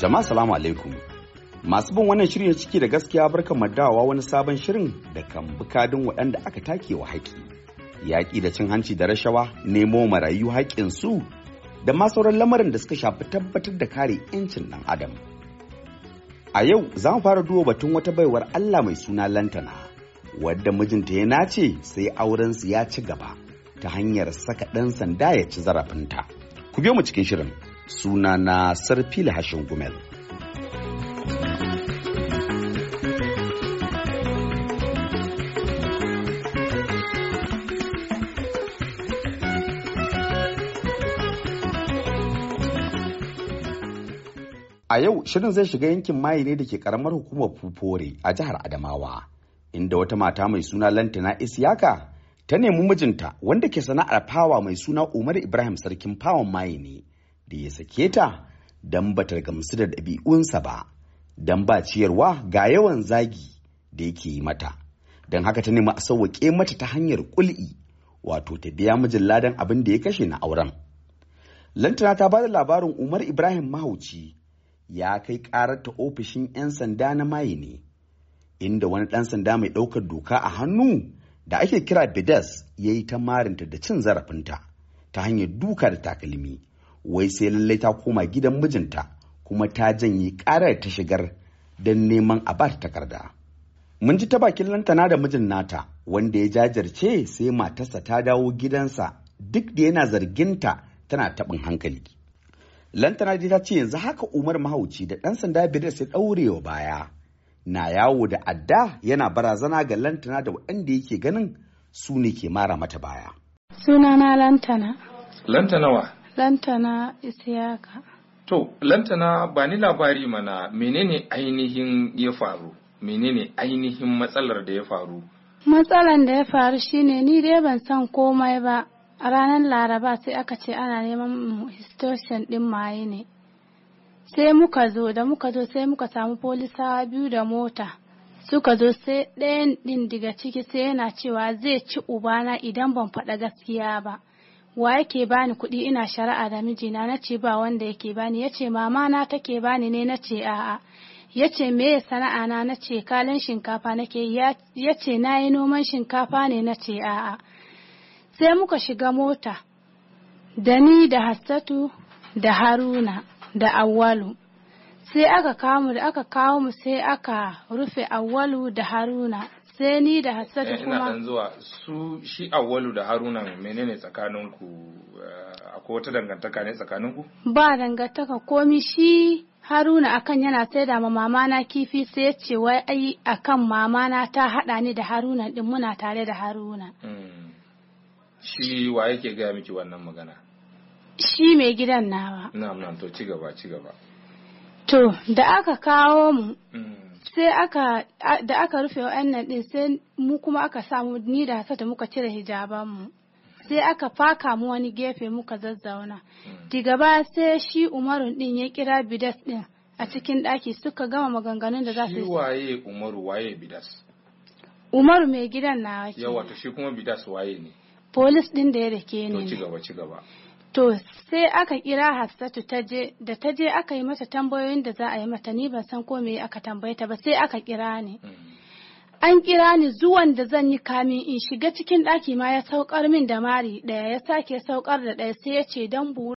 Jama'a salamu alaikum. Masu bin wannan shirin ciki da gaskiya barkan dawa wani sabon shirin da kan bukadin waɗanda aka take wa haƙi. Yaƙi da cin hanci da rashawa, nemo marayu haƙƙin su da ma sauran lamarin da suka shafi tabbatar da kare 'yancin ɗan adam. A yau za mu fara duba batun wata baiwar Allah mai suna Lantana, wadda mijinta ya nace sai aurensu ya ci gaba ta hanyar saka ɗan sanda ya ci zarafinta. Ku biyo mu cikin shirin. suna na sarfila hashin gumel a yau shirin zai shiga yankin maye ne da ke karamar hukumar fufore a jihar adamawa inda wata mata mai suna lantana isiyaka ta nemi mijinta wanda ke sana'ar fawa mai suna umar ibrahim sarkin fawan maye ne da ya sake ta don ba ta gamsu da ɗabi'unsa ba don ba ciyarwa ga yawan zagi da yake yi mata don haka ta nemi a sauwaƙe mata ta hanyar ƙul'i wato ta biya mijin ladan abin da ya kashe na auren lantana ta ba da labarin umar ibrahim mahauci ya kai ƙararta ta ofishin 'yan sanda na maye ne inda wani ɗan sanda mai ɗaukar doka a hannu da ake kira bidas ya yi ta marinta da cin zarafinta ta hanyar duka da takalmi wai sai lallai ta koma gidan mijinta kuma ta janye karar ta shigar don neman a ba takarda. Mun ji ta bakin lantana da mijin nata wanda ya jajirce sai matarsa ta dawo gidansa duk da yana zargin ta tana taɓin hankali. Lantana dai ta ce yanzu haka Umar Mahauci da ɗan sanda Bidar sai ɗaurewa baya. Na yawo da adda yana barazana ga lantana da waɗanda yake ganin su ne ke mara mata baya. Sunana lantana. wa? Lantana Isiyaka. To, Lantana ba ni labari mana menene ainihin ya faru, menene ainihin matsalar da ya faru? Matsalar da ya faru shine ni dai ban san komai ba, a ranar Laraba sai aka ce ana neman histoshin ɗin maye ne. Sai muka zo, da muka zo sai muka samu polisawa biyu da mota. Suka zo sai ɗayan ɗin daga ciki sai yana cewa zai ci ubana idan ban faɗa gaskiya ba. wa yake bani kuɗi ina shari'a da mijina na ce ba wanda yake bani ya ce mama na take bani ne na ce a'a ya ce me ya sana'a na na ce kalan shinkafa nake ya ce na yi noman shinkafa ne na ce a'a sai muka shiga mota da ni da hassatu da haruna da awwalu sai aka kawo aka kawo mu sai aka rufe awwalu da haruna sai ni da hassadu eh, kuma ina dan zuwa su shi awwalu da haruna menene tsakaninku? Eh, akwai wata dangantaka ne tsakaninku? ba dangantaka komi shi haruna akan yana saida ma mama na kifi sai ya ce wai ai akan mama na ta hada ni da haruna din muna tare da haruna hmm. shi wa yake gaya miki wannan magana shi mai gidan nawa na'am na'am to ci gaba ci gaba to da aka kawo mu mm. sai aka da aka rufe wa'annan din sai mu kuma aka samu ni da hasata muka cire hijaban mu sai aka faka mu wani gefe muka zazzauna diga ba sai shi umarun din ya kira bidas din a cikin daki suka gama maganganun da za su yi waye umaru waye bidas umaru mai gidan na yawa to shi kuma bidas waye ne polis din da ya rake ne to ci gaba ci gaba To sai aka kira Hafsatu ta je da ta je aka yi mata tambayoyin da za a yi mata ni ban san ko me aka tambaye ta ba sai aka kira ni. Mm. An kira ni zuwan da zan yi kamin in shiga cikin ɗaki ma ya saukar min da mari ɗaya ya sake saukar da ɗaya sai ya ce don buru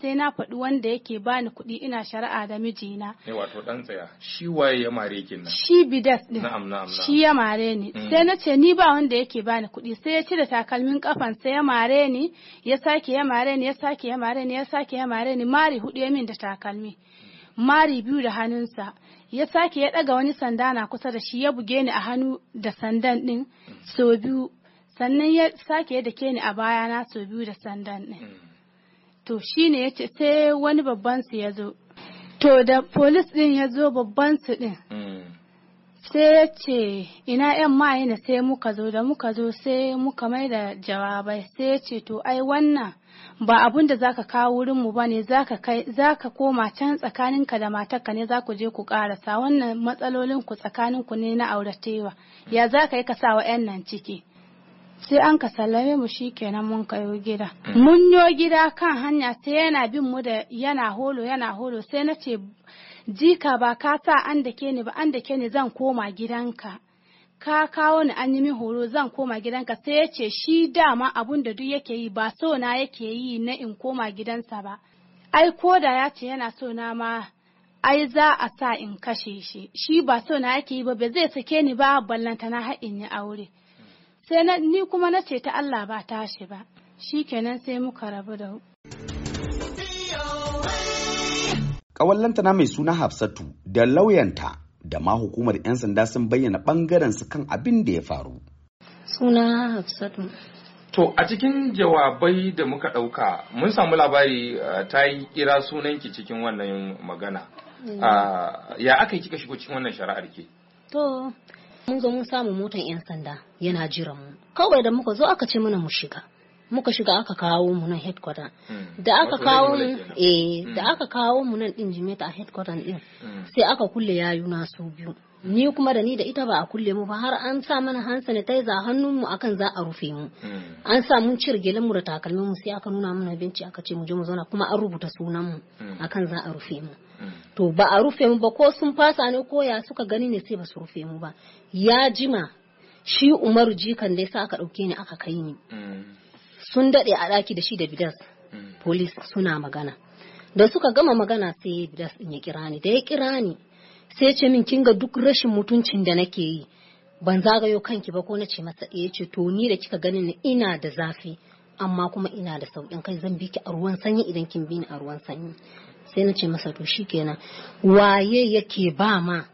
sai na faɗi wanda yake bani kuɗi ina shari'a da mijina. Ne eh, wato ɗan tsaya shi waye ya mare kin nan? Shi bidas ɗin. Na'am na'am Shi ya mare ni. Mm. Sai na ce ni ba wanda yake bani kuɗi sai ya cire takalmin kafan sai ya mare ni ya sake ya mare ni ya sake ya mare ni ya sake ya mare ni mari huɗu ya min da takalmi. Mari biyu da hannunsa. ya sake ya ɗaga wani sanda na kusa da shi ya buge ni a hannu da sandan ɗin mm. sau biyu sannan ya sake ya dake ni a bayana sau biyu da sandan ɗin. Mm. to shine ya ce sai wani babban su ya zo to da polis din ya zo babban su din hmm. sai ya ce ina yan ma'aina sai muka zo da muka zo sai muka mai da jawabai sai ya ce to ai wannan ba abun da zaka kawo wurin mu bane zaka kai zaka koma can tsakaninka da matarka ne zaku je ku karasa wannan matsalolin ku tsakanin ku ne na auratewa ya zaka yi ka sa wa yan nan ciki sai an ka sallame mu shikenan mun kayo gida mm. mun yo gida kan hanya sai yana bin mu da yana holo yana holo sai na ce jika ba ka sa an da ke ni ba an da ke ni zan koma gidanka ka kawo ni an yi min horo zan koma gidanka sai ya ce shi dama abun da duk yake yi ba so na yake yi na in koma gidansa ba ai ko da ya ce yana so na ma ai za a sa in kashe shi shi ba so na yake yi ba ba zai sake ni ba ballanta na haɗin yi aure sai ni kuma na ce ta Allah ba tashi ba shi kenan sai muka rabu da Kawallanta na mai suna Hafsatu da lauyanta da ma hukumar 'yan sanda sun bayyana ɓangaren su kan abin da ya faru. Suna Hafsatu. To a cikin jawabai da muka ɗauka mun samu labari ta yi kira sunanki cikin wannan magana. Mm. Ya aka yi kika shigo cikin wannan shari'ar ke? To mun zo mun samu motan yan sanda yana jiran mu kawai da muka zo aka ce mana mu shiga muka shiga aka kawo mu nan headquarter hmm. da aka kawo mu eh da hmm. aka kawo mu nan din jimeta a headquarter din hmm. sai aka kulle yayuna su biyu ni kuma da ni da ita ba a kulle mu ba har an sa mana hand sanitizer hannun mu akan za a rufe mu hmm. an sa mun cire gelen mu da takalmin mu sai aka nuna mana binci aka ce mu je mu zauna kuma an rubuta sunan mu hmm. akan za a rufe mu hmm. to ba a rufe mu ba ko sun fasa ne ko ya suka gani ne sai ba su rufe mu ba ya jima shi Umaru jikan da yasa aka dauke ni aka kai ni sun dade a daki da shi da bidas police suna magana da suka gama magana sai bidas din ya kira ni da ya kira ni sai ce min kinga duk rashin mutuncin da nake yi ban zagayo kanki ba ko na ce masa eh ce to ni da kika ganin ni ina da zafi amma kuma ina da sauƙin kai zan bi ki a ruwan sanyi idan kin bi ni a ruwan sanyi sai na ce masa to shikenan waye yake ba ma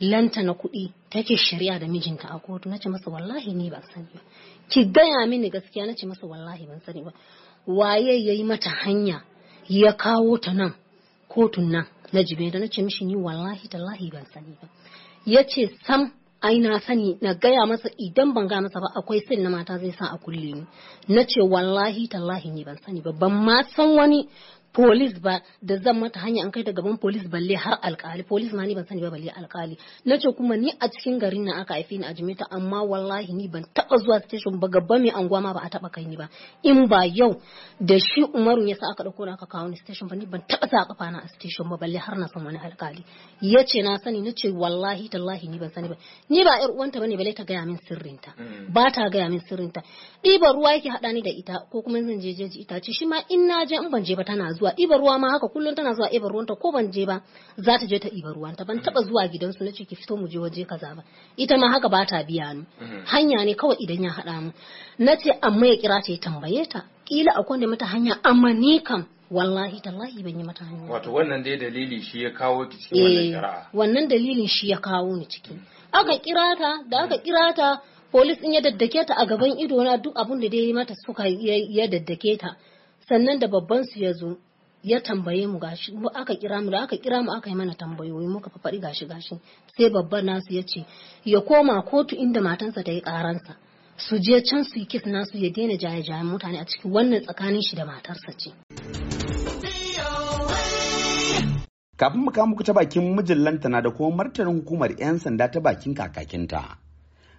lanta na kuɗi take shari'a da mijinta a kotu na ce masa wallahi ni ba sani ba ki gaya mini gaskiya na ce masa wallahi ban sani ba waye ya yi mata hanya ya kawo ta nan kotun nan na jibeda na ce mishi ni wallahi tallahi ban sani ba ya ce sam aina sani na gaya masa idan ban ga masa ba akwai sin na mata zai sa a kulle ni na ce wallahi tallahi ni ban sani ba ban ma san wani polis ba da zan mata hanya an kai da gaban polis balle har alkali polis ma ni ban sani ba balle alkali na ce kuma ni a cikin garin na aka haife ni a jimeta amma wallahi ni ban taba zuwa station ba gaba mai anguwa ma ba a taba kai ni ba in ba yau da shi umaru ya sa aka dauko aka kawo ni station ba ni ban taba sa kafa na a station ba balle har na san wani alkali ya ce na sani na ce wallahi tallahi ni ban sani ba ni ba yar uwanta bane balle ta gaya min sirrinta mm. ba ta gaya min sirrinta ɗiban ruwa yake haɗa ni da ita ko kuma zan je jeji ita ce shi ma in na je in ban je ba tana zuwa ibar ruwa ma haka kullum tana zuwa ibar ruwanta ko ban je ba za ta je ta ibar ruwanta ban taba zuwa gidansu na ki fito mu je waje kaza ba ita ma haka ba ta biya ni mm-hmm. hanya ne kawai idan ya haɗa mu na ce amma ya kira ta ya tambaye ta kila akwai da mata hanya amma ni kam wallahi tallahi ban yi mata hanya wato wannan dai dalili shi ya kawo ki cikin wannan kira. Eh, wannan dalilin shi ya kawo ni ciki mm-hmm. aka kira ta da aka mm-hmm. kira ta polis din ya daddake ta a gaban ido na duk abun da dai mata suka ya daddake ta sannan da babban su ya zo ya tambaye mu gashi aka kira mu da aka kira mu aka yi mana tambayoyi muka faɗi gashi gashi sai babban nasu ya ce ya koma kotu inda matansa ta yi ƙaransa, su je can su yi kis nasu ya daina jaye jaye mutane a ciki wannan tsakanin shi da matarsa ce. kafin mu muku ta bakin mijin na da kuma martanin hukumar 'yan sanda ta bakin kakakinta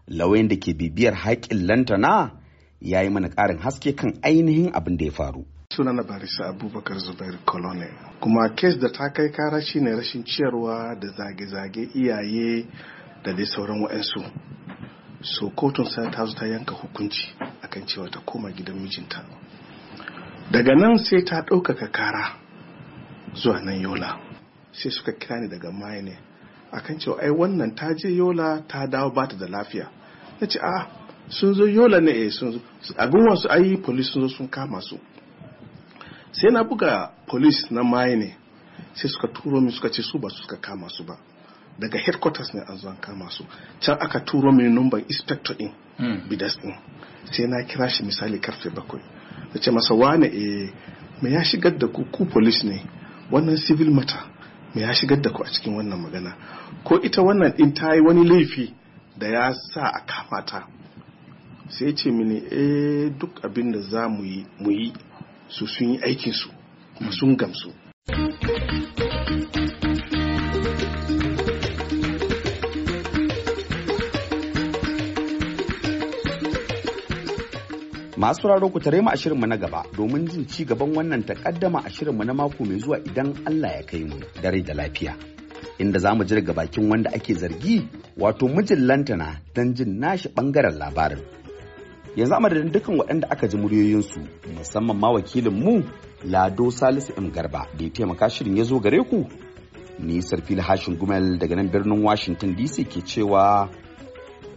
lauyan da ke bibiyar haƙƙin lantana ya yi mana ƙarin haske kan ainihin abin da ya faru suna na barisa abubakar zubair colonel kuma kes da ta kai kara shine rashin ciyarwa da zage-zage iyaye da dai sauran wa'ansu so kotun sai ta zo ta yanka hukunci akan cewa ta koma gidan mijinta daga nan sai ta ɗaukaka kara zuwa nan yola sai suka kira ni daga maye ne akan cewa ai wannan ta je yola ta dawo bata da lafiya na ce a ah, sun zo yola ne eh sun zo a su ai polis sun zo sun kama su sai na buga police na maye ne sai suka turo min suka ce su ba su suka kama su ba daga headquarters ne an zuwa kama su can aka turo min numban inspector in. Hmm. bidas din sai na kira shi misali karfe bakwai da ce masa wane e me ya shigar da ku ku police ne wannan civil matter me ya shigar da ku a cikin wannan magana ko ita wannan din ta yi wani laifi da ya sa a kama ta sai ce mini eh duk abin da za mu mu yi su sun yi aikin su sun gamsu masu raro ku tare mu a shirinmu na gaba domin jin ci gaban wannan takaddama a shirinmu na mako mai zuwa idan Allah ya kai mu dare da lafiya inda za mu jirga bakin wanda ake zargi wato mijin lantana don jin nashi bangaren labarin yanzu da dukkan waɗanda aka ji muryoyinsu musamman ma wakilin mu lado salisu m garba da ya taimaka shirin ya zo gare ku ni sarfil hashin gumel daga nan birnin washington dc ke cewa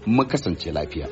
mu kasance lafiya.